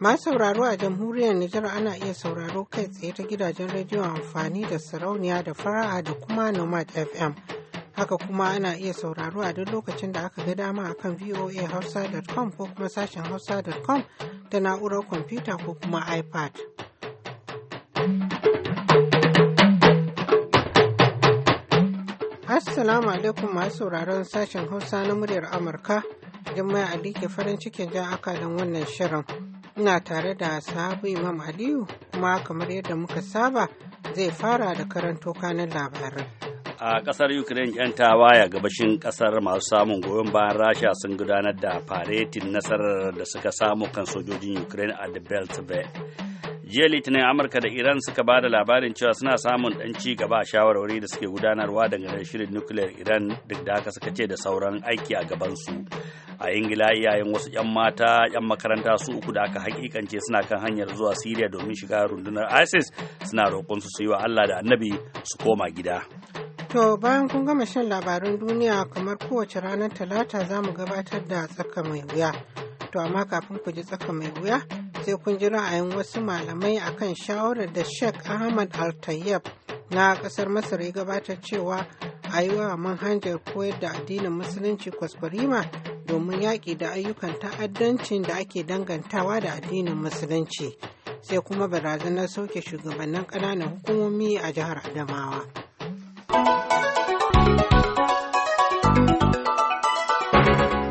Ma sauraro a jamhuriyar Nijar ana iya sauraro kai tsaye ta gidajen rediyo amfani da sarauniya da fara'a da kuma Nomad FM. Haka kuma ana iya sauraro a duk lokacin da aka ga dama a akan voahausa.com ko kuma sashen hausa.com da na'urar kwamfuta ko kuma iPad. Assalamu alaikum masu sauraron sashen Hausa na muryar Amurka. Jummai Ali ke farin cikin jan akalin wannan shirin. Ina tare da sahabu Imam Aliyu kuma kamar yadda muka saba zai fara da karanto kanin labarin. A kasar Ukraine 'yan tawaya gabashin kasar masu samun goyon bayan Rasha sun gudanar da faretin nasarar da suka samu kan sojojin Ukraine a the Beltway. jiya litinin amurka da iran suka ba da labarin cewa suna samun dan ci gaba a shawarwari da suke gudanarwa dangane da shirin nukiliyar iran duk da haka suka ce da sauran aiki a gabansu a ingila iyayen wasu 'yan mata 'yan makaranta su uku da aka hakikance suna kan hanyar zuwa siriya domin shiga rundunar isis suna roƙon su su yi wa allah da annabi su koma gida to bayan kun gama shan labarin duniya kamar kowace ranar talata za mu gabatar da tsaka mai wuya to amma kafin ku ji tsaka mai wuya sai kun ji ra'ayin wasu malamai akan shawarar da sheikh ahmad al na kasar masar ya gabatar cewa a yi wa manhajar koyar da addinin musulunci kwaskwarima domin yaƙi da ayyukan ta'addancin da ake dangantawa da addinin musulunci sai kuma barazanar sauke shugabannin ƙananan hukumomi a jihar adamawa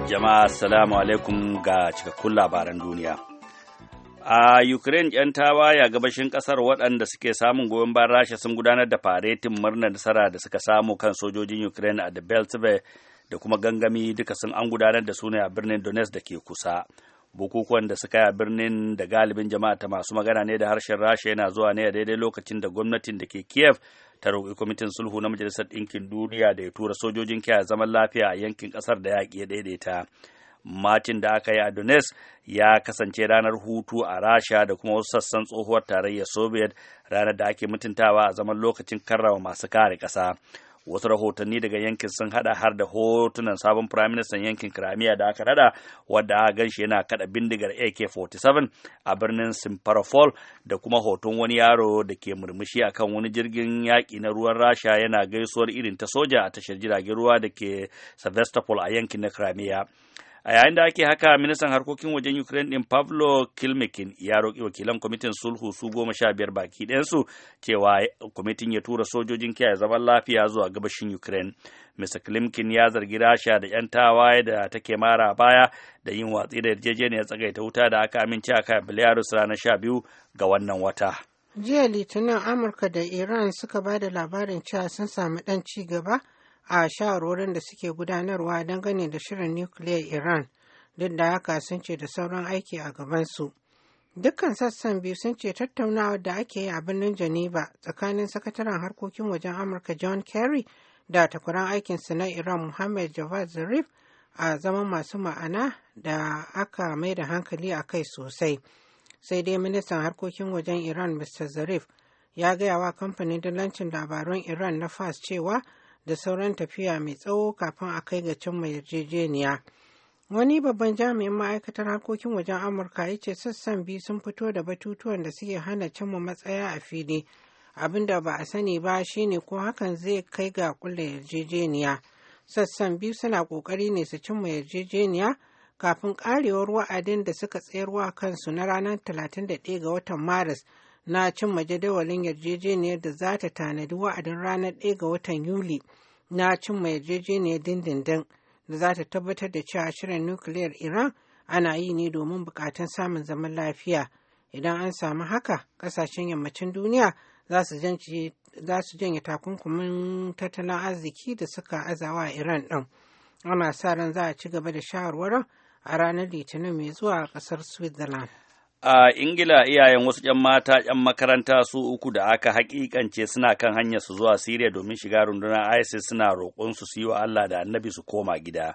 jama'a assalamu alaikum ga cikakkun labaran duniya a ukraine 'yan tawaya gabashin kasar waɗanda suke samun goyon bayan rasha sun gudanar da faretin murnar nasara da suka samu kan sojojin ukraine a da beltway da kuma gangami duka sun an gudanar da su a birnin Donetsk da ke kusa. Bukukuwan da suka yi a birnin da galibin jama'a ta masu magana ne da harshen Rasha yana zuwa ne a daidai lokacin da gwamnatin da ke Kiev ta roƙi kwamitin sulhu na Majalisar Ɗinkin Duniya da ya tura sojojin kiyaye zaman lafiya a yankin ƙasar da yaƙi ya daidaita. Matin da aka yi a Donetsk ya kasance ranar hutu a Rasha da kuma wasu sassan tsohuwar tarayyar Soviet ranar da ake mutuntawa a zaman lokacin karrama masu kare ƙasa. wasu rahotanni daga yankin sun hada har da hotunan sabon firaministan yankin kiramiya da aka nada wadda aka ganshi yana kada bindigar ak-47 a birnin simferopol da kuma hoton wani yaro da ke murmushi akan wani jirgin yaƙi na ruwan rasha yana gaisuwar irin ta soja a tashar jiragen ruwa da ke sevastopol a yankin na kiramiya a yayin da ake haka ministan harkokin wajen ukraine din pavlo kilmikin ya roƙi wakilan kwamitin sulhu su goma sha biyar baki ɗayansu cewa kwamitin ya tura sojojin kiyaye zaman lafiya zuwa gabashin ukraine mr kilmikin ya zargi rasha da 'yan tawaye da take mara baya da yin watsi da yarjejeniyar tsagaita wuta da aka amince a kan belarus ranar sha biyu ga wannan wata jiya litinin amurka da iran suka ba da labarin cewa sun samu ɗan ci gaba a shawarwarin da suke gudanarwa dangane da shirin nukiliyar iran duk da haka sun ce da sauran aiki a gabansu dukkan sassan biyu sun ce tattaunawa da ake yi a birnin geneva tsakanin sakataren harkokin wajen amurka john kerry da takwaran aikinsu na iran muhammad javad zarif a zaman masu ma'ana da aka mai da hankali a kai sosai sai dai ministan harkokin wajen iran mr zarif ya gaya wa kamfanin dalancin labarun iran na fas cewa da sauran tafiya mai tsawo kafin a kai ga cimma yarjejeniya. Wani babban jami'in ma'aikatar harkokin wajen Amurka ya ce sassan biyu sun fito da batutuwan da suke hana cimma matsaya a fili. Abin da ba a sani ba shine ko hakan zai kai ga kulle yarjejeniya. Sassan biyu suna kokari ne su cimma yarjejeniya kafin karewar wa'adin da suka tsayarwa kansu na ranar 31 ga watan Maris na cimma jadawalin yarjejeniyar da za ta tanadi wa'adin ranar 1 ga watan Yuli na cimma yarjejeniyar dindindin da za ta tabbatar da cewa shirin nukiliyar Iran ana yi ne domin bukatun samun zaman lafiya. Idan an samu haka, kasashen yammacin duniya za su janye takunkumin tattalin arziki da suka azawa a Iran ɗin. Ana sa ran za a ci gaba da shawarwarin a ranar Litinin mai zuwa ƙasar Switzerland. A Ingila iyayen wasu ‘yan mata ‘yan makaranta su uku da aka hakikance suna kan hanyar su zuwa Siriya domin shiga rundunar ISIS suna roƙon su yi wa Allah da annabi su koma gida.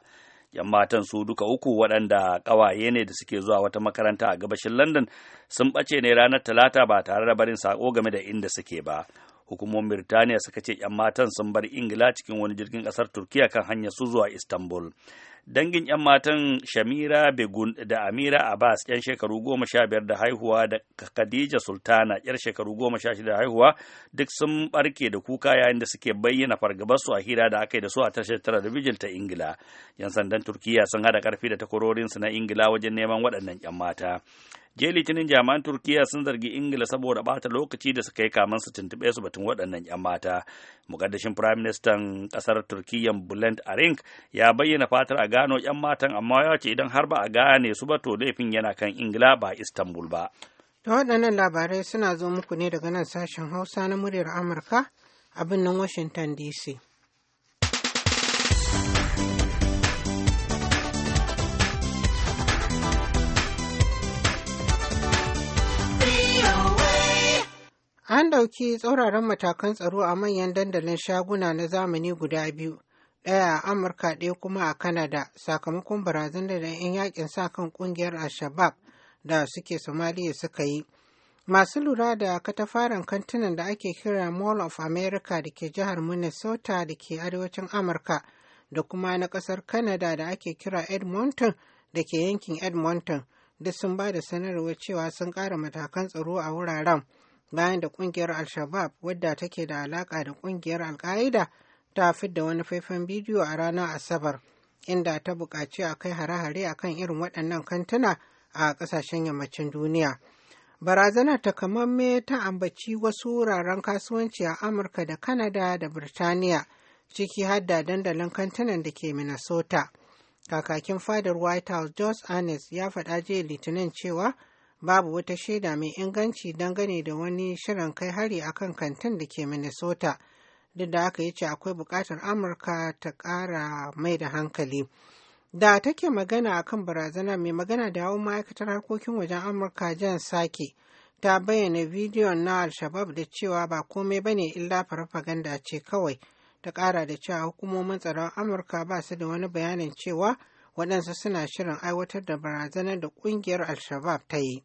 ‘Yan matan su duka uku waɗanda ƙawaye ne da suke zuwa wata makaranta a gabashin London sun ɓace ne ranar Talata ba tare da barin sako game da inda suke ba. Hukumomin Birtaniya suka ce ‘yan matan sun bar Ingila cikin wani jirgin ƙasar Turkiya kan hanyar su zuwa Istanbul. dangin 'yan matan shamira begun da amira abbas 'yan shekaru goma sha biyar da haihuwa da khadija sultana 'yar shekaru goma sha shida da haihuwa duk sun barke da kuka yayin da suke bayyana fargabarsu a hira da aka yi da su a tashar talabijin ta ingila 'yan sandan turkiya sun hada karfi da takwarorinsu na ingila wajen neman waɗannan 'yan mata je litinin jami'an turkiyya sun zargi ingila saboda bata lokaci da suka yi kaman su tuntuɓe su batun waɗannan 'yan mata mukaddashin prime minister ƙasar turkiyya bulent arink ya bayyana fatar a gano 'yan matan amma ya ce idan har ba a gane su ba to laifin yana kan ingila ba istanbul ba da waɗannan labarai suna zo muku ne daga nan sashen hausa na muryar amurka a birnin washington dc An ɗauki tsauraran matakan tsaro a manyan dandalin shaguna na zamani guda biyu, ɗaya a Amurka ɗaya kuma a Kanada, sakamakon barazan da 'yan yakin sa kan ƙungiyar al da suke Somaliya suka yi. Masu lura da katafaren kantinan da ake kira Mall of America da ke jihar Minnesota da ke arewacin Amurka da kuma na ƙasar Kanada da ake kira Edmonton da ke yankin Edmonton duk sun ba da sanarwar cewa sun ƙara matakan tsaro a wuraren. bayan da kungiyar al-shabab wadda take da alaka da kungiyar al-qaida ta fidda wani faifan bidiyo a ranar asabar inda ta buƙaci a kai hare-hare a kan irin waɗannan kantuna a ƙasashen yammacin duniya barazanar takamamme ta ambaci wasu wuraren kasuwanci a amurka da Kanada da birtaniya ciki har da dandalin kantunan da ke minnesota kakakin fadar white house George Arnest ya faɗa jiya litinin cewa babu wata shaida mai inganci dangane da wani shirin kai hari a kan kantin da ke minnesota duk da aka yi ce akwai bukatar amurka ta kara mai da hankali da take magana a kan barazana mai magana da yawon ma'aikatar harkokin wajen amurka jan sake ta bayyana bidiyon na al-shabab da cewa ba komai ba ne illa farfaganda ce kawai ta ƙara da cewa hukumomin tsaron amurka ba su da wani bayanin cewa waɗansu suna shirin aiwatar da barazanar da ƙungiyar al-shabab ta yi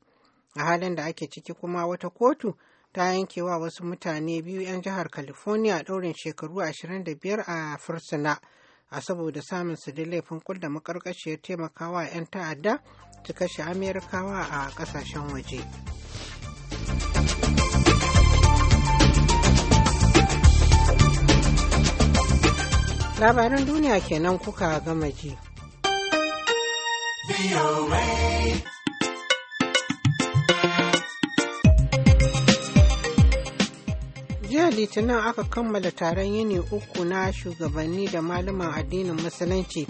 a halin da ake ciki kuma wata kotu ta yankewa wasu mutane biyu 'yan jihar california ɗaurin shekaru 25 a fursuna a saboda samun su da laifin kulla makarkashiyar taimakawa 'yan ta'adda ta kashe amerikawa a ƙasashen waje labaran duniya kenan kuka gama ji. jiya litinin aka kammala taron yini uku na shugabanni da malaman addinin musulunci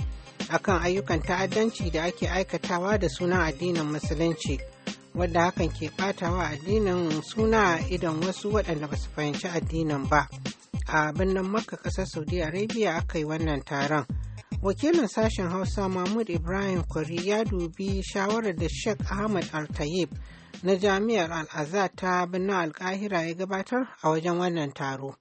akan ayyukan ta'addanci da ake aikatawa da sunan addinin musulunci wadda hakan ke batawa addinin suna idan wasu waɗanda ba su fahimci addinin ba a birnin makka ƙasar saudi arabia aka yi wannan taron wakilin sashen hausa mahmud ibrahim kwari ya dubi shawarar da sheikh ahmad al-tayyib na jami'ar al'aza ta birnin alkahira ya gabatar a wajen wannan taro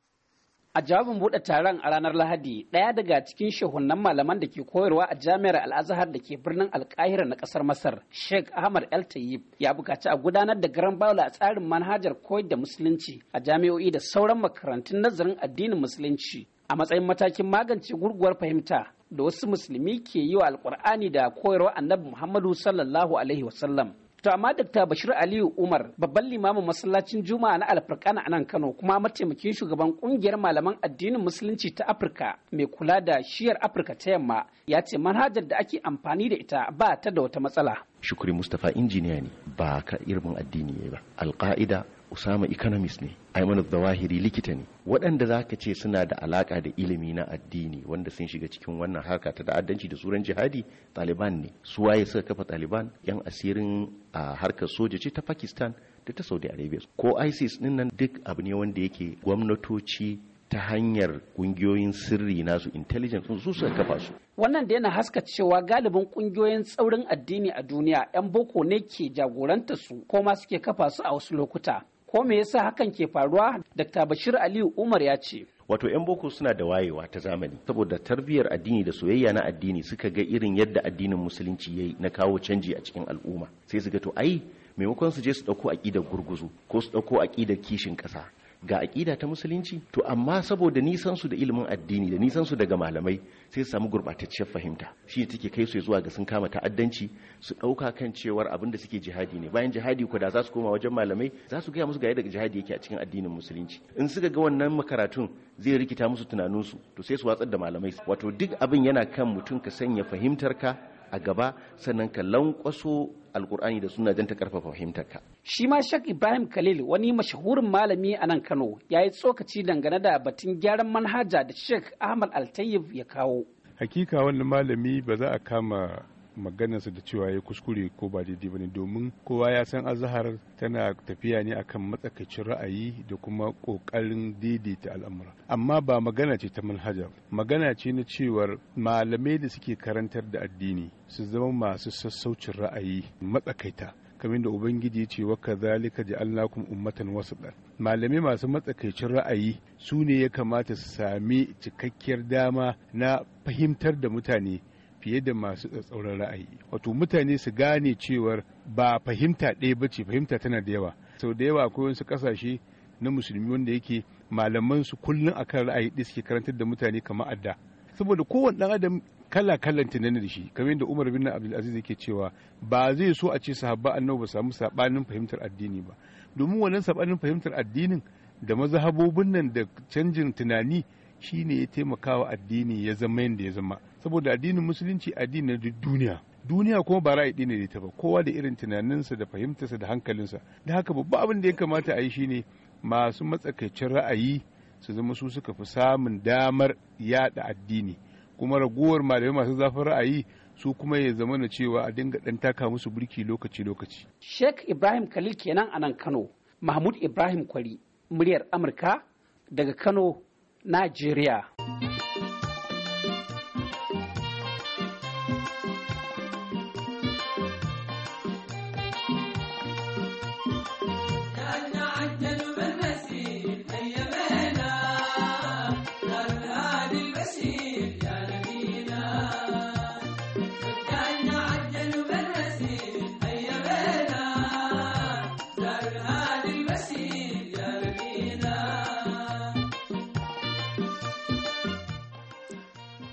a jawabin buɗe taron a ranar lahadi daya daga cikin shehunan malaman da ke koyarwa a jami'ar al'azhar da ke birnin alkahira na ƙasar masar sheikh ahmad el tayyib ya buƙaci a gudanar da garan baula a tsarin manhajar koyar da musulunci a jami'o'i da sauran makarantun nazarin addinin musulunci a matsayin matakin magance gurguwar fahimta da wasu musulmi ke yi wa alkur'ani da koyarwa annabi muhammadu sallallahu alaihi wasallam To amma Dr. Bashir Aliyu Umar babban limamin masallacin Juma'a na Alfarkana a nan Kano kuma mataimakin shugaban kungiyar malaman addinin musulunci ta Afirka mai kula da shiyar Afirka ta yamma ya ce manhajar da ake amfani da ita ba ta da wata matsala. Shukri Mustapha injiniya ne ba ka irin addini ne ba. Alƙa'ida usama economist ne aiman zawahiri likita ne waɗanda za ka ce suna da alaƙa da ilimi na addini wanda sun shiga cikin wannan harka ta da'addanci da suran jihadi taliban ne su waye suka kafa taliban yan asirin a harkar soja ce ta pakistan da ta saudi arabia ko isis din nan duk abu ne wanda yake gwamnatoci ta hanyar kungiyoyin sirri nasu intelligence su suka kafa su. Wannan da yana haska cewa galibin ƙungiyoyin tsaurin addini a duniya 'yan boko ne ke jagoranta su ko ma suke kafa su a wasu lokuta. ko me yasa hakan ke faruwa dr bashir aliyu umar ya ce wato 'yan boko suna da wayewa ta zamani saboda tarbiyyar addini da soyayya na addini suka ga irin yadda addinin musulunci yayi na kawo canji a cikin al'umma sai su ga to ai maimakon su je su ɗauko aƙidar gurguzu ko su ɗauko aƙidar kishin ƙasa. ga aƙida ta musulunci to amma saboda nisan su da ilimin addini da nisan su daga malamai sai su samu gurbatacciyar fahimta shi ne take kai su zuwa ga sun kama ta'addanci su ɗauka kan cewar abin da suke jihadi ne bayan jihadi ko da za su koma wajen malamai za su gaya musu ga yadda jihadi yake a cikin addinin musulunci in suka ga wannan makaratun zai rikita musu tunaninsu to sai su watsar da malamai wato duk abin yana kan mutum ka sanya fahimtarka a gaba sannan ka lankwaso alkur'ani da suna don ta karfafa fahimtarka. Shi ma Shak Ibrahim Khalil wani mashahurin malami a nan Kano ya yi tsokaci dangane da batun gyaran manhaja da shek Ahmad Altayyib ya kawo. Hakika wannan malami ba za a kama maganarsa da cewa ya kuskure ko ba daidai bane domin kowa ya san azahar tana tafiya ne akan matsakaicin ra'ayi da kuma kokarin daidaita al'amura amma ba magana ce ta manhaja magana ce na cewar malamai da suke karantar da addini su zama masu sassaucin ra'ayi matsakaita kamar da ubangiji ce wa kazalika ja'alnakum ummatan wasatan malamai masu matsakaicin ra'ayi su ne ya kamata su sami cikakkiyar dama na fahimtar da mutane fiye da masu tsatsauran ra'ayi wato mutane su gane cewar ba fahimta ɗaya ba ce fahimta tana da yawa sau da yawa akwai wasu ƙasashe na musulmi wanda yake malaman su kullum akan ra'ayi ɗaya suke karantar da mutane kamar adda saboda kowane ɗan adam kala kalan tunanin da shi kamar yadda Umar bin Abdul Abdulaziz yake cewa ba zai so a ce sahabba annabi ba samu sabanin fahimtar addini ba domin wannan sabanin fahimtar addinin da mazhabobin nan da canjin tunani shine ya taimakawa addini ya zama yadda ya zama saboda addinin musulunci addini na duniya duniya kuma ba ra'ayi ne da ta ba kowa da irin tunaninsa da fahimtarsa da hankalinsa da haka babba abin da ya kamata a yi ne masu matsakaicin ra'ayi su zama su suka fi samun damar yada addini kuma ragowar malamai masu zafin ra'ayi su kuma ya zama na cewa a dinga dan taka musu burki lokaci lokaci Sheikh Ibrahim Khalil kenan a nan Kano Mahmud Ibrahim Kwari muryar Amurka daga Kano Najeriya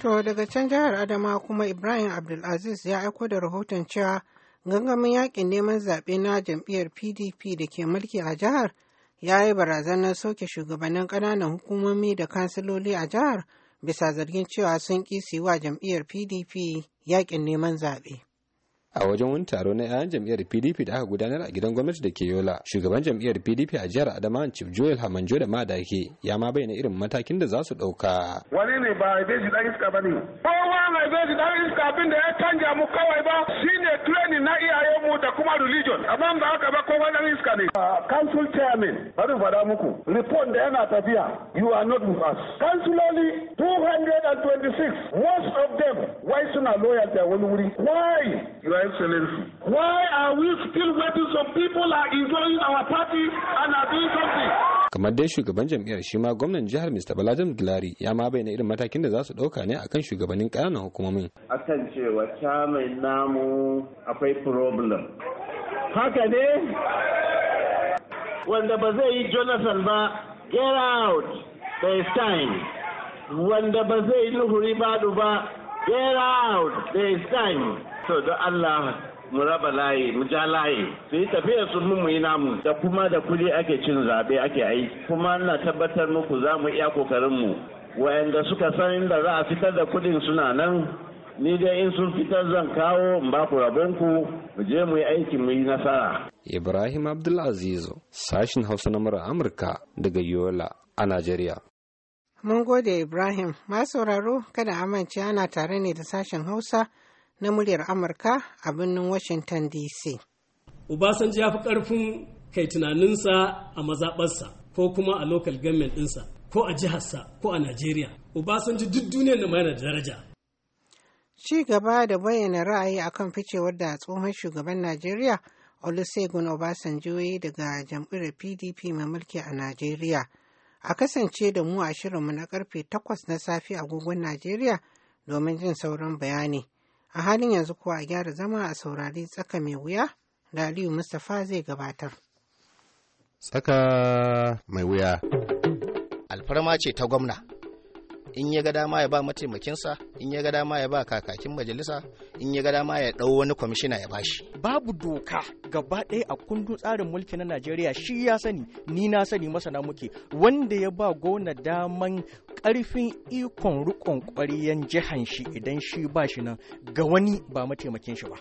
To daga can jihar Adama kuma Ibrahim Abdulaziz ya aiko da rahoton cewa gangamin yakin neman zaɓe na jam'iyyar PDP da ke mulki a jihar ya yi barazanar soke shugabannin ƙananan hukumomi da kansiloli a jihar bisa zargin cewa sun ƙi wa jam'iyyar PDP yakin neman zaɓe. a wajen wani taro na 'ya'yan jam'iyyar pdp da aka gudanar a gidan gwamnati da ke yola shugaban jam'iyyar pdp a jihar adama chief joel hamanjo da madake ya ma bayyana irin matakin da za su ɗauka wani ne ba bai ji dan iska ba ne kowa mai bai ji dan iska abin da ya canja mu kawai ba shine training na iyayen mu da kuma religion amma ba haka ba kowa dan iska ne council chairman bari faɗa muku report da yana tafiya you are not with us 226 most of them why suna loyal da wani wuri why you Excellency. Why are we still waiting? Some people are enjoying our party and are doing something. kamar dai shugaban jam'iyyar shi ma gwamnan jihar Mr. Balajan Gilari ya ma bayyana irin matakin da za su ɗauka ne akan shugabannin ƙananan hukumomin. Akan cewa mai namu akwai problem. Haka ne? Wanda ba zai yi Jonathan ba, get out, there is time. Wanda ba zai yi Nuhuri ba, get out, there is time. to don Allah mu raba layi mu ja layi su yi tafiya su mu mu yi namu da kuma da kuɗi ake cin zaɓe ake aiki kuma na tabbatar muku za mu iya kokarin mu wayanda suka san inda za a fitar da kuɗin suna nan ni dai in sun fitar zan kawo in ba ku rabonku mu je mu yi aiki mu yi nasara. Ibrahim Abdulaziz sashin Hausa na mura Amurka daga Yola a Najeriya. Mun gode Ibrahim, masu sauraro kada amince ana tare ne da sashin Hausa na muryar Amurka a birnin Washington DC. Ubasanji ya fi ƙarfin kai tunaninsa a mazaɓarsa ko kuma a local government ɗinsa ko a jiharsa ko a Najeriya. Ubasanji duk duniyar da yana daraja. Ci gaba da bayyana ra'ayi a kan ficewar da tsohon shugaban Najeriya Olusegun Obasanjo daga jam'iyyar PDP mai mulki a Najeriya. a kasance da mu a shirinmu na karfe takwas na safe agogon Najeriya domin jin sauran bayani. a halin yanzu kuwa a gyara zama a saurari tsaka mai wuya da aliyu mustapha zai gabatar tsaka mai wuya alfarma ce ta gwamna in ya ga dama ya ba mataimakinsa in ya ga dama ya ba kakakin majalisa in ya ga dama ya dau wani kwamishina ya bashi babu doka gaba ɗaya a kundin tsarin mulki na najeriya shi ya sani ni na sani masana muke wanda ya ba gona daman ƙarfin ikon rikon ƙwariyan jihan shi idan shi ba shi nan ga wani ba mataimakin shi ba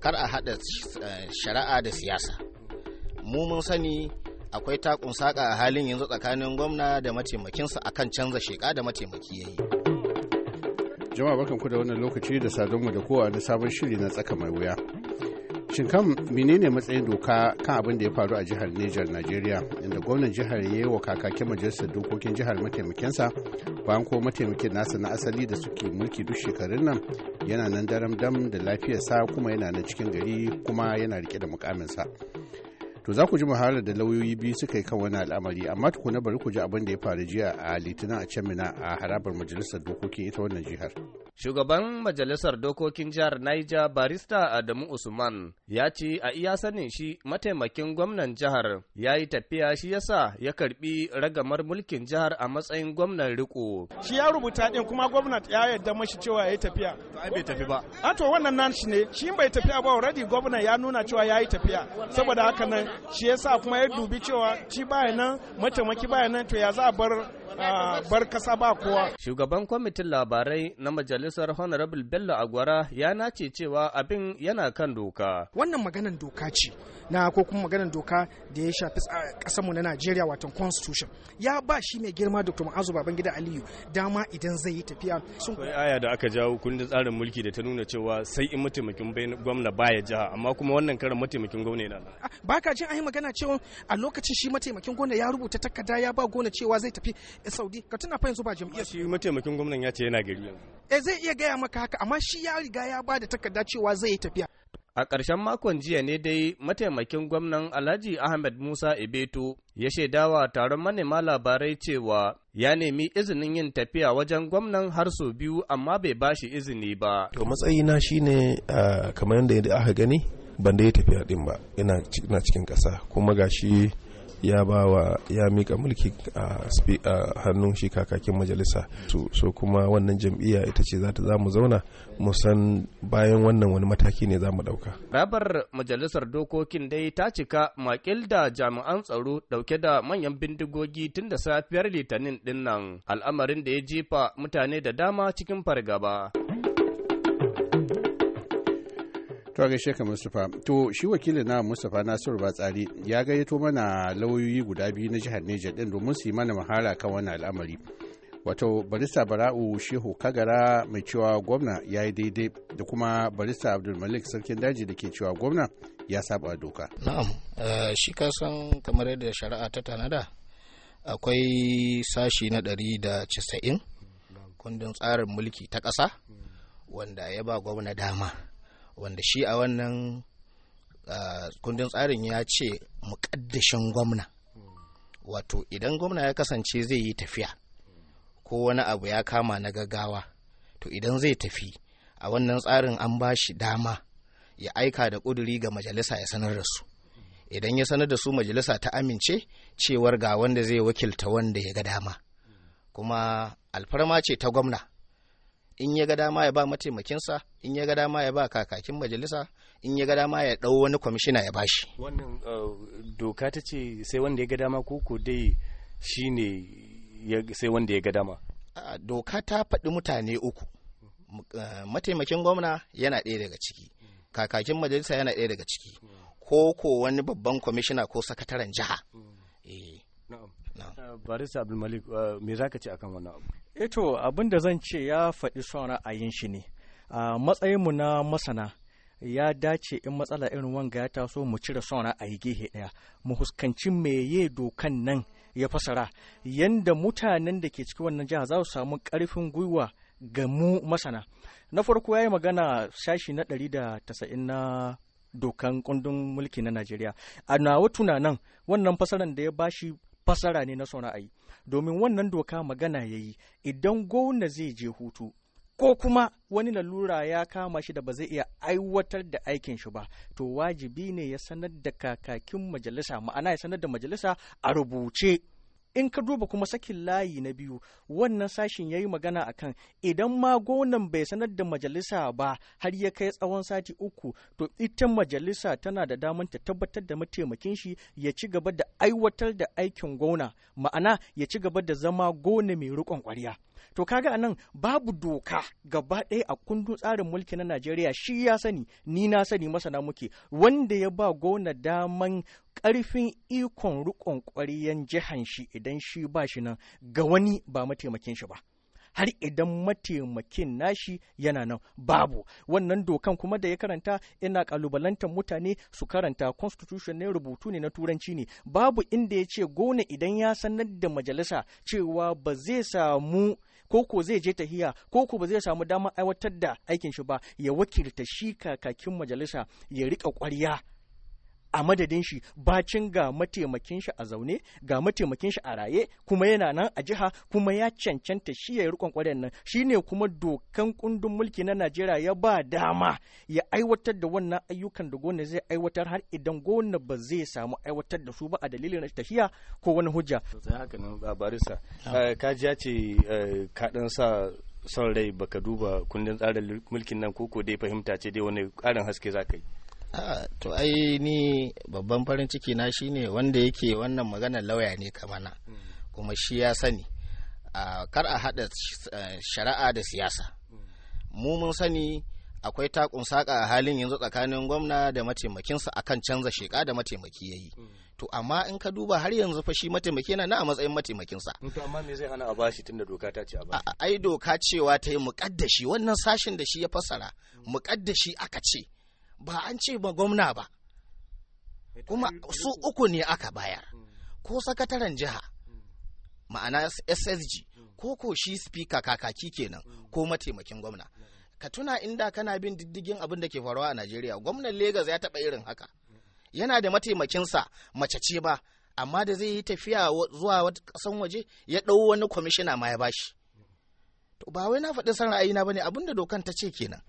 kar a haɗa eh, shari'a da siyasa mu mun sani akwai takun saka a halin yanzu tsakanin gwamna da mataimakinsa akan canza sheka da mataimaki yayi jama'a ku da wannan lokaci da mu da kowa na sabon shiri na tsaka mai wuya shin kan menene matsayin doka kan abin da ya faru a jihar Niger Najeriya inda gwamnan jihar ya yi wa kakakin majalisar dokokin jihar mataimakinsa bayan ko mataimakin nasa na asali da suke mulki duk shekarun nan yana nan daram dam da lafiyarsa kuma yana nan cikin gari kuma yana rike da mukaminsa. to za ku ji muhalar da lauyoyi biyu suka yi kan wani al'amari amma tukuna bari ku ji abin da ya faru jiya a litinin a can a harabar majalisar Dokoki ita wannan jihar Shugaban Majalisar Dokokin Jihar Niger Barista Adamu Usman ya ce a iya sanin shi mataimakin gwamnan jihar ya yi tafiya shi yasa ya karbi ragamar mulkin jihar a matsayin gwamnan riko. Shi ya rubuta din kuma gwamnati ya yarda mashi cewa ya yi tafiya. Ai bai tafi ba. A to wannan nan shi ne shi bai tafiya ba already gwamnan ya nuna cewa ya yi tafiya saboda haka nan shi yasa kuma ya dubi cewa ci baya nan mataimaki baya nan to ya za a bar Ah, bar kasa ba kowa. Shugaban kwamitin labarai na majalisar Honorable Bello Agwara ya nace cewa abin yana kan doka. Wannan maganan doka ce. na ko kuma maganar doka da ya shafi kasar mu na Najeriya wato constitution ya ba shi mai girma Dr. Ma'azu Babangida Aliyu dama idan zai yi tafiya sun kai aya da aka jawo kundin tsarin mulki da ta nuna cewa sai in mataimakin gwamna baya jiha amma kuma wannan karan mataimakin gwamna yana ah, ba ka jin ai magana cewa a lokacin shi mataimakin gwamna ya rubuta takarda ya ba gwamna cewa zai tafi Saudi ka tuna fa yanzu ba jam'iyyar shi mataimakin gwamnan ya ce yana gari eh zai iya gaya maka haka amma shi ya riga ya ba da takarda cewa zai yi tafiya A ƙarshen makon jiya ne dai mataimakin gwamnan Alhaji Ahmed Musa Ebeto ya shaidawa taron manema labarai cewa ya nemi izinin yin tafiya wajen gwamnan har sau biyu amma bai ba shi izini ba. To matsayina shine kamar yadda aka gani ban da ya tafiya din ba ina cikin ƙasa kuma gashi ya bawa ya mika mulki a hannun shi kakakin majalisa so kuma wannan jam'iyya ita ce za ta zamu zauna mu san bayan wannan wani mataki ne za mu ɗauka. rabar majalisar dokokin dai ta cika makil da jami'an tsaro ɗauke da manyan bindigogi tun da safiyar litinin dinnan al'amarin da ya jefa mutane da dama cikin fargaba. to gaishe ka mustapha to shi wakilin na mustapha nasiru batsari ya gayyato mana lauyoyi guda biyu na jihar niger din domin su yi mana mahara kan wannan al'amari wato barista bara'u shehu kagara mai cewa gwamna ya yi daidai da kuma barista abdulmalik sarkin daji da ke cewa gwamna ya saba doka na'am eh, shi kasan kamar yadda shari'a ta tanada akwai sashi na ɗari da casa'in kundin tsarin mulki ta ƙasa wanda ya ba gwamna dama wanda shi a wannan kundin tsarin ya ce muƙaddashin gwamna wato idan gwamna ya kasance zai yi tafiya ko wani abu ya kama na gaggawa to idan zai tafi a wannan tsarin an ba shi dama ya aika da ƙuduri ga majalisa ya sanar da su idan ya sanar da su majalisa ta amince cewar ga wanda zai wakilta wanda ya ga dama kuma alfarma ce ta gwamna in ya ga dama ya ba mataimakinsa in ya ga dama ya ba kakakin majalisa in ya ga dama ya ɗau wani kwamishina ya bashi wannan uh, doka ta ce sai wanda ya ga dama ko ko dai shi ne sai wanda ya ga dama doka ta faɗi mutane uku uh, mataimakin gwamna yana ɗaya daga ciki kakakin majalisa yana ɗaya daga ciki ko ko wani babban kwamishina ko sakataren jiha hmm. Hmm. Eh. Eh, Baris Abdulmalik eh, me za ka ce akan wannan abu? Eto eh abin da zan ce ya faɗi son ra'ayin shi ne. A matsayinmu na masana ya dace in matsala irin wanga ya taso mu cire son ra'ayi gehe ɗaya mu huskanci meye dokan nan ya fasara yanda mutanen da ke cikin wannan jiha za su samu ƙarfin gwiwa ga mu masana. Na farko ya yi magana sashi na ɗari da tasa'in na dokan kundin mulki na Najeriya. A nawa tunanan wannan fasaran da ya bashi fasara ne na son ra'ayi domin wannan doka magana ya yi idan gona zai je hutu ko kuma wani lalura ya kama shi da ba zai iya aiwatar da aikin shi ba to wajibi ne ya sanar da kakakin majalisa ma'ana ya sanar da majalisa a rubuce in ka duba kuma sakin layi na biyu wannan sashin ya yi magana a kan idan ma gonan bai sanar da majalisa ba har ya kai tsawon sati uku to ita majalisa tana da damar ta tabbatar da mataimakin shi ya ci gaba da aiwatar da aikin gona ma'ana ya ci gaba da zama gona mai riƙon ƙwarya to kaga anan babu doka gaba ɗaya a kundin tsarin mulki na Najeriya shi ya sani ni na sani masana muke wanda ya ba gona daman ƙarfin ikon riƙon ƙwariyan jihan shi idan shi ba shi nan ga wani ba mataimakin shi ba har idan mataimakin nashi yana nan babu wannan dokan kuma da ya karanta ina kalubalantar mutane su karanta constitution ne rubutu ne na turanci ne babu inda ya ce gona idan ya sanar da majalisa cewa ba zai samu ko ko zai je tahiya ko ko ba zai samu damar aiwatar da aikin shi ba ya wakilta shi kakakin majalisa ya rika ƙwarya a madadin shi bacin ga mataimakin shi a zaune ga mataimakin shi a raye kuma yana nan a jiha kuma ya cancanta shi ya yi rikon kwaran nan shi ne kuma dokan kundin mulki na Najeriya ya ba dama ya aiwatar da wannan ayyukan da gona zai aiwatar har idan gona ba zai samu aiwatar da su ba a dalilin rashin tafiya ko wani hujja. Sai haka nan eh, Kajiya ce eh, kaɗan sa son rai baka duba kundin tsarin mulkin nan koko dai fahimta ce dai wani ƙarin haske za ka yi. to ai ni babban farin ciki na shine wanda yake wannan magana lauya ne kamana kuma shi ya sani kar a haɗa eh, shari'a da siyasa mu mun sani akwai takun saƙa a halin yanzu tsakanin gwamna da mataimakinsa akan canza sheka da mataimaki yayi yi to amma in ka duba har yanzu fa shi mataimaki yana na a matsayin mataimakinsa to amma me zai hana a bashi tunda doka ta ce a bashi ai doka cewa ta yi muƙaddashi wannan sashin da shi ya fassara muƙaddashi aka ce ba an ce ba gwamna ba kuma su uku ne aka bayar hmm. ko sakataren jiha hmm. ma'ana ssg hmm. ko ko shi spika kakaki kenan ko mataimakin gwamna ka tuna inda kana bin diddigin abin da ke faruwa a najeriya gwamnan Legas ya taɓa irin haka yana da mataimakinsa mace ce ba amma da zai yi tafiya zuwa kasan waje ya ɗau wani kwamishina ma ya bashi to ba wai na faɗi san ra'ayina bane abinda dokan ta ce kenan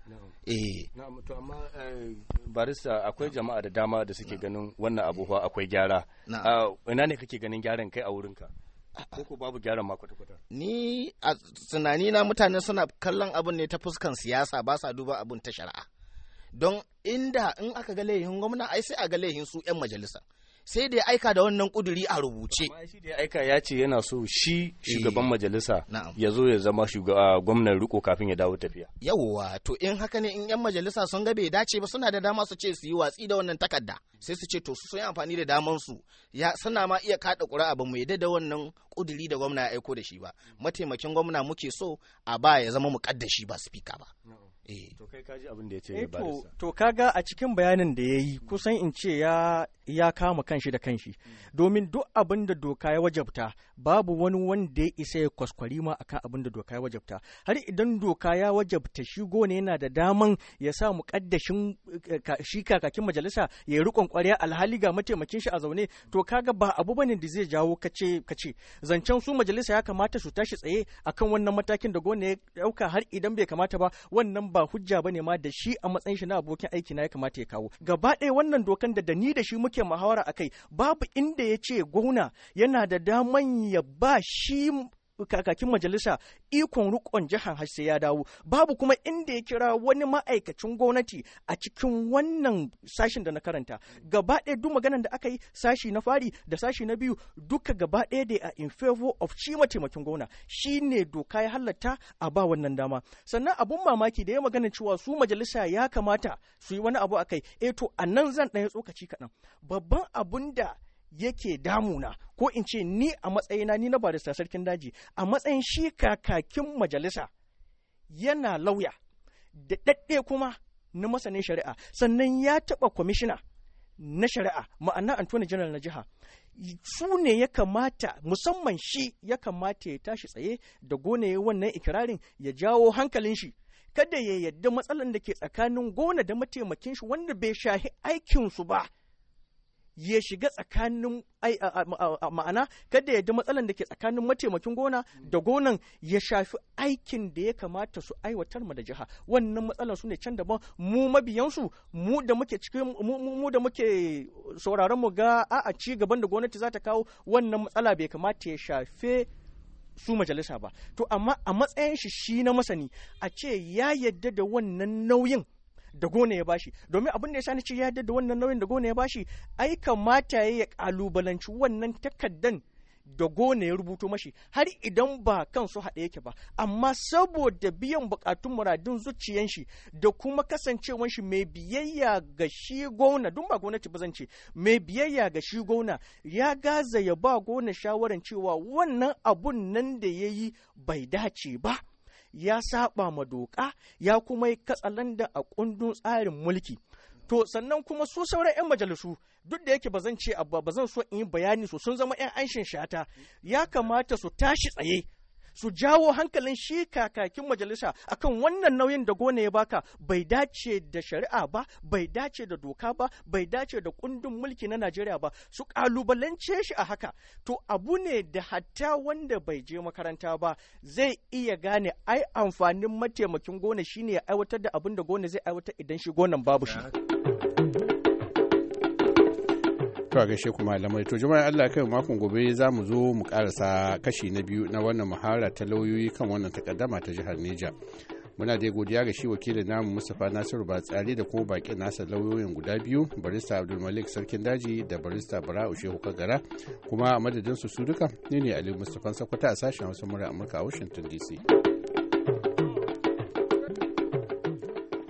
eh to amma eh, barista akwai jama'a da dama da suke ganin wannan abubuwa akwai gyara ah, ina ne kake ganin gyaran kai a wurinka ko babu gyaran ma kwata-kwata ni a tunani na mutane suna kallon abin ne ta fuskan siyasa ba sa duba abin ta shari'a don inda in aka ga laihin gwamna ai sai a ga laihin su 'yan majalisa sai da ya aika da wannan kuduri a rubuce. shi da ya aika ya ce yana so shi eh. shugaban majalisa ya zo ya zama ah, gwamnan riko kafin ya dawo tafiya. Yawwa to in haka ne in 'yan majalisa sun ga bai dace ba suna da dama su ce su yi watsi da wannan takarda sai su ce to su yi amfani da daman su ya suna ma iya kada ƙura'a ba mu yadda da wannan kuduri da gwamna ya aiko da shi ba mataimakin gwamna muke so a ba ya zama mukaddashi ba spika ba. Eh. To kai kaji abin da ya ce eh, ya To kaga a cikin bayanin da ya yi kusan in ce ya ya kama kanshi da kanshi domin duk abin da doka ya wajabta babu wani wanda ya isa ya kwaskwari ma akan abin da doka ya wajabta har idan doka ya wajabta shi gone yana da daman ya sa muƙaddashin eh, shi kakakin majalisa ya yi riƙon ƙwarya alhali ga mataimakin shi a zaune to kaga ba abu bane da zai jawo kace kace zancen su majalisa ya kamata su tashi tsaye akan wannan matakin da gone ya ɗauka har idan bai kamata ba wannan ba hujja bane ma da shi a matsayin shi na abokin aiki na ya kamata ya kawo gaba ɗaya wannan dokan da da ni da shi muke muhawara a kai babu inda ya ce yana da daman ya ba shi kakakin majalisa ikon rukon jihar har sai ya dawo babu kuma inda ya kira wani ma'aikacin gwamnati a cikin wannan sashin da na karanta gaba ɗaya duk maganan da aka yi sashi na fari da sashi na biyu duka gaba ɗaya da a in favor of shi mataimakin gwamna shine doka ya halatta a ba wannan dama sannan abun mamaki da ya magana cewa su majalisa ya kamata su yi wani abu akai eh to a nan zan ɗaya tsokaci kaɗan babban abun da yake damuna ko in ce ni a matsayina ni na barista sarkin daji a matsayin shi kakakin majalisa yana lauya da ɗaɗɗe kuma na masanin shari'a sannan ya taɓa kwamishina na shari'a ma'ana antoni janar na jiha su ne ya kamata musamman shi ya kamata ya tashi tsaye da gona wannan ikirarin ya jawo hankalin shi kada ya yadda matsalan da ke tsakanin gona da mataimakin shi wanda bai shahi aikinsu ba ya shiga tsakanin ma'ana kada ya ji matsalan da ke tsakanin mataimakin gona da gonan ya shafi aikin da ya kamata su aiwatar mu da jiha wannan matsalan su ne can daban mu mabiyansu mu da muke cikin mu da muke sauraron mu ga a'a ci gaban da gwamnati za ta kawo wannan matsala bai kamata ya shafe su majalisa ba to amma a matsayin shi shi na masani a ce ya yadda da wannan nauyin da gona ya bashi domin abin da ya sani ce ya yarda da wannan nauyin da gona ya bashi ai kamata ya kalubalanci wannan takaddan da gona ya rubuto mashi har idan ba kan su haɗe yake ba amma saboda biyan bukatun muradun zuciyan shi da kuma kasancewan shi mai biyayya ga shi gona dun ba gwamnati ba zance mai biyayya ga shi gona ya gaza ya ba gona shawaran cewa wannan abun nan da ya yi bai dace ba ya saba ma doka ya kuma yi katsalanda a kundin tsarin mulki to sannan kuma su sauran 'yan majalisu duk da yake ba zan ce ba zan so in yi bayani su sun zama 'yan anshin shata ya kamata su tashi tsaye su jawo hankalin shi kakakin majalisa akan wannan nauyin da gona ya baka bai dace da shari'a ba bai dace da doka ba bai dace da kundin mulki na Najeriya ba su kalubalance shi a haka to abu ne da hatta wanda bai je makaranta ba zai iya gane ai amfanin mataimakin gona shine ya aiwatar da abin da gona zai aiwatar idan shi gonan babu shi To gaishe kuma malamai to jama'a Allah kai makon gobe za mu zo mu karasa kashi na biyu na wannan muhara ta lauyoyi kan wannan takaddama ta jihar Neja. Muna da godiya ga shi wakilin namu Mustapha Nasiru Batsari da kuma bakin nasa lauyoyin guda biyu barista Abdulmalik Sarkin Daji da barista Bara'u Shehu Kagara kuma a madadin su su duka ne ne Ali Mustapha Sakwata a sashen Hausa murar Amurka a Washington DC.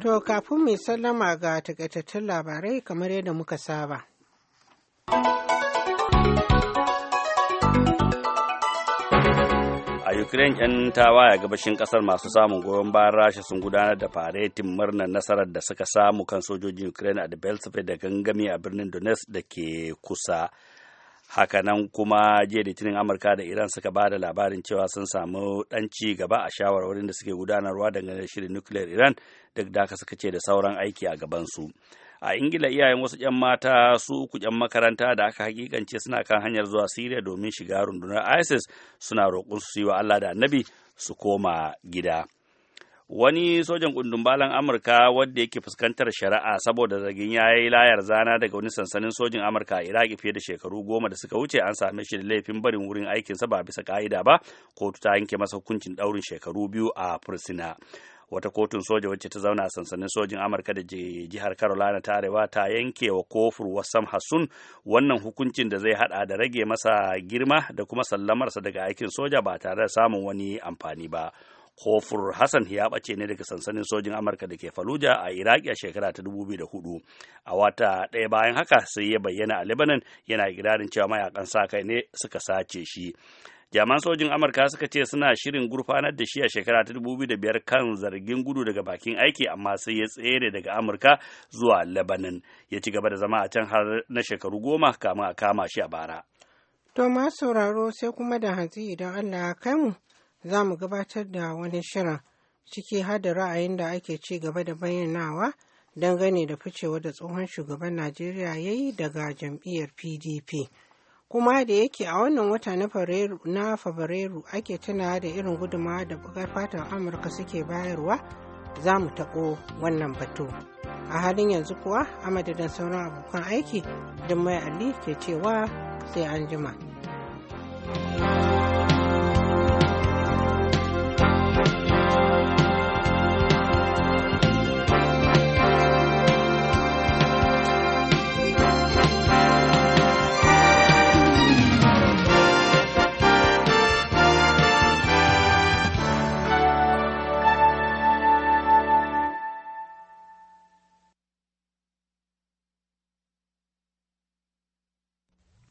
To kafin mai sallama ga takaitattun labarai kamar yadda muka saba. a ukraine 'yan tawaya gabashin kasar masu samun goyon bayan rasha sun gudanar da faretin murnar nasarar da suka samu kan sojojin ukraine a debeltseve da gangami a birnin donetsk da ke kusa hakanan kuma jiya litinin amurka da iran suka ba da labarin cewa sun samu dan ci gaba a shawarwarin da suke gudanarwa dangane da shirin nukiliyar iran duk da haka suka ce da sauran aiki a gabansu. su a ingila iyayen wasu 'yan mata su uku 'yan makaranta da aka hakikance suna kan hanyar zuwa siriya domin shiga rundunar isis suna roƙon su yi wa allah da annabi su koma gida wani sojan kundumbalan amurka wadda yake fuskantar shari'a saboda zargin ya yi layar zana daga wani sansanin sojin amurka a iraki fiye da shekaru goma da suka wuce an same shi da laifin barin wurin aikinsa ba bisa ka'ida ba kotu ta yanke masa hukuncin daurin shekaru biyu a fursuna wata kotun soja wacce ta zauna a sansanin sojin amurka da jihar carolina ta arewa ta yanke wa kofur Wassam hassun wannan hukuncin da zai hada da rage masa girma da kuma sallamarsa daga aikin soja ba tare da samun wani amfani ba Kofur Hassan ya ɓace ne daga sansanin sojin Amurka da ke Faluja a Iraki a shekara ta 2004. A wata ɗaya bayan haka sai ya bayyana a Lebanon yana girarin cewa mayakan sa kai ne suka sace shi. jaman sojin amurka suka ce suna shirin gurfanar da shi a shekara ta dubu biyu da biyar kan zargin gudu daga bakin aiki amma sai ya tsere daga amurka zuwa lebanon ya ci gaba da zama a can har na shekaru goma kama a kama shi a bara to ma sauraro sai kuma da hatsi idan allah ya kai mu za mu gabatar da wani shirin ciki har da ra'ayin da ake ci gaba da bayyanawa dangane da ficewa da tsohon shugaban najeriya ya yi daga jam'iyyar pdp kuma da yake a wannan wata na fabrairu ake tuna da irin gudunmawa da bugar fatan amurka suke bayarwa za mu taɓo wannan batu a halin yanzu kuwa a madadin sauran abokan aiki don mai ali ke cewa sai an jima. thank